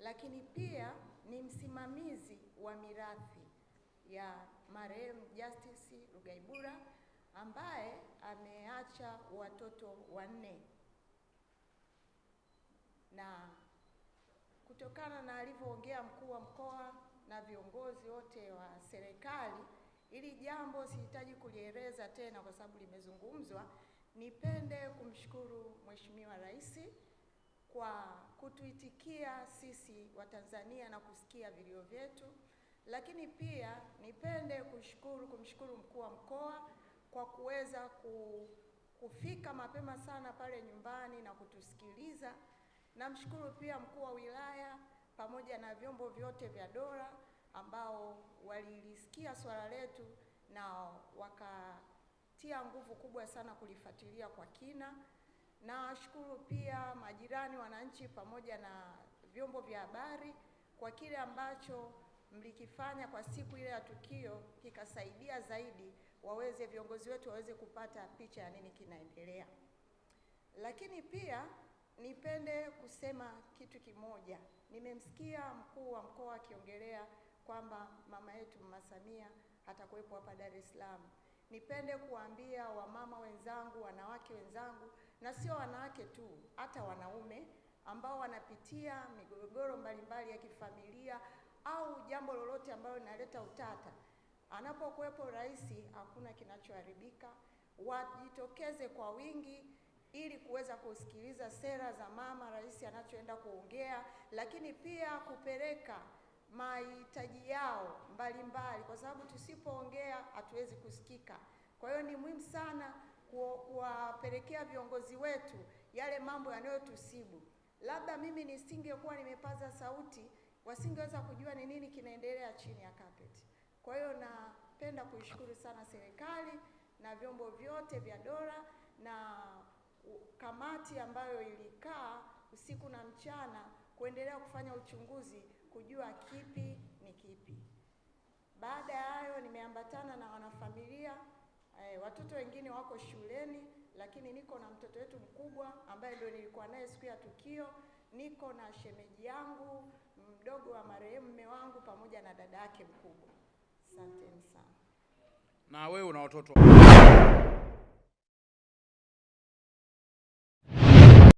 lakini pia ni msimamizi wa mirathi ya marehemu Justice Rugaibura ambaye ameacha watoto wanne na kutokana na alivyoongea mkuu wa mkoa na viongozi wote wa serikali, ili jambo sihitaji kulieleza tena kwa sababu limezungumzwa. Nipende kumshukuru Mheshimiwa Rais kwa kutuitikia sisi Watanzania na kusikia vilio vyetu, lakini pia nipende kushukuru kumshukuru mkuu wa mkoa kwa kuweza ku, kufika mapema sana pale nyumbani na kutusikiliza. Namshukuru pia mkuu wa wilaya pamoja na vyombo vyote vya dola ambao walilisikia swala letu na wakatia nguvu kubwa sana kulifuatilia kwa kina. Nawashukuru pia majirani, wananchi, pamoja na vyombo vya habari kwa kile ambacho mlikifanya kwa siku ile ya tukio, kikasaidia zaidi waweze viongozi wetu waweze kupata picha ya nini kinaendelea. Lakini pia nipende kusema kitu kimoja. Nimemsikia mkuu wa mkoa akiongelea kwamba mama yetu Mama Samia hatakuwepo hapa Dar es Salaam. Nipende kuambia wamama wenzangu, wanawake wenzangu na sio wanawake tu, hata wanaume ambao wanapitia migogoro mbalimbali ya kifamilia au jambo lolote ambalo linaleta utata. Anapokuwepo rais, hakuna kinachoharibika. Wajitokeze kwa wingi ili kuweza kusikiliza sera za mama rais anachoenda kuongea, lakini pia kupeleka mahitaji yao mbalimbali, kwa sababu tusipoongea hatuwezi kusikika. Kwa hiyo ni muhimu sana kuwapelekea viongozi wetu yale mambo yanayotusibu. Labda mimi nisingekuwa nimepaza sauti, wasingeweza kujua ni nini kinaendelea chini ya kapeti. Kwa hiyo napenda kuishukuru sana serikali na vyombo vyote vya dola na kamati ambayo ilikaa usiku na mchana kuendelea kufanya uchunguzi kujua kipi ni kipi. Baada ya hayo, nimeambatana na wanafamilia Eh, watoto wengine wako shuleni, lakini niko na mtoto wetu mkubwa ambaye ndio nilikuwa naye siku ya tukio. Niko na shemeji yangu mdogo wa marehemu mume wangu pamoja na dada yake mkubwa. Asanteni sana. Na wewe una watoto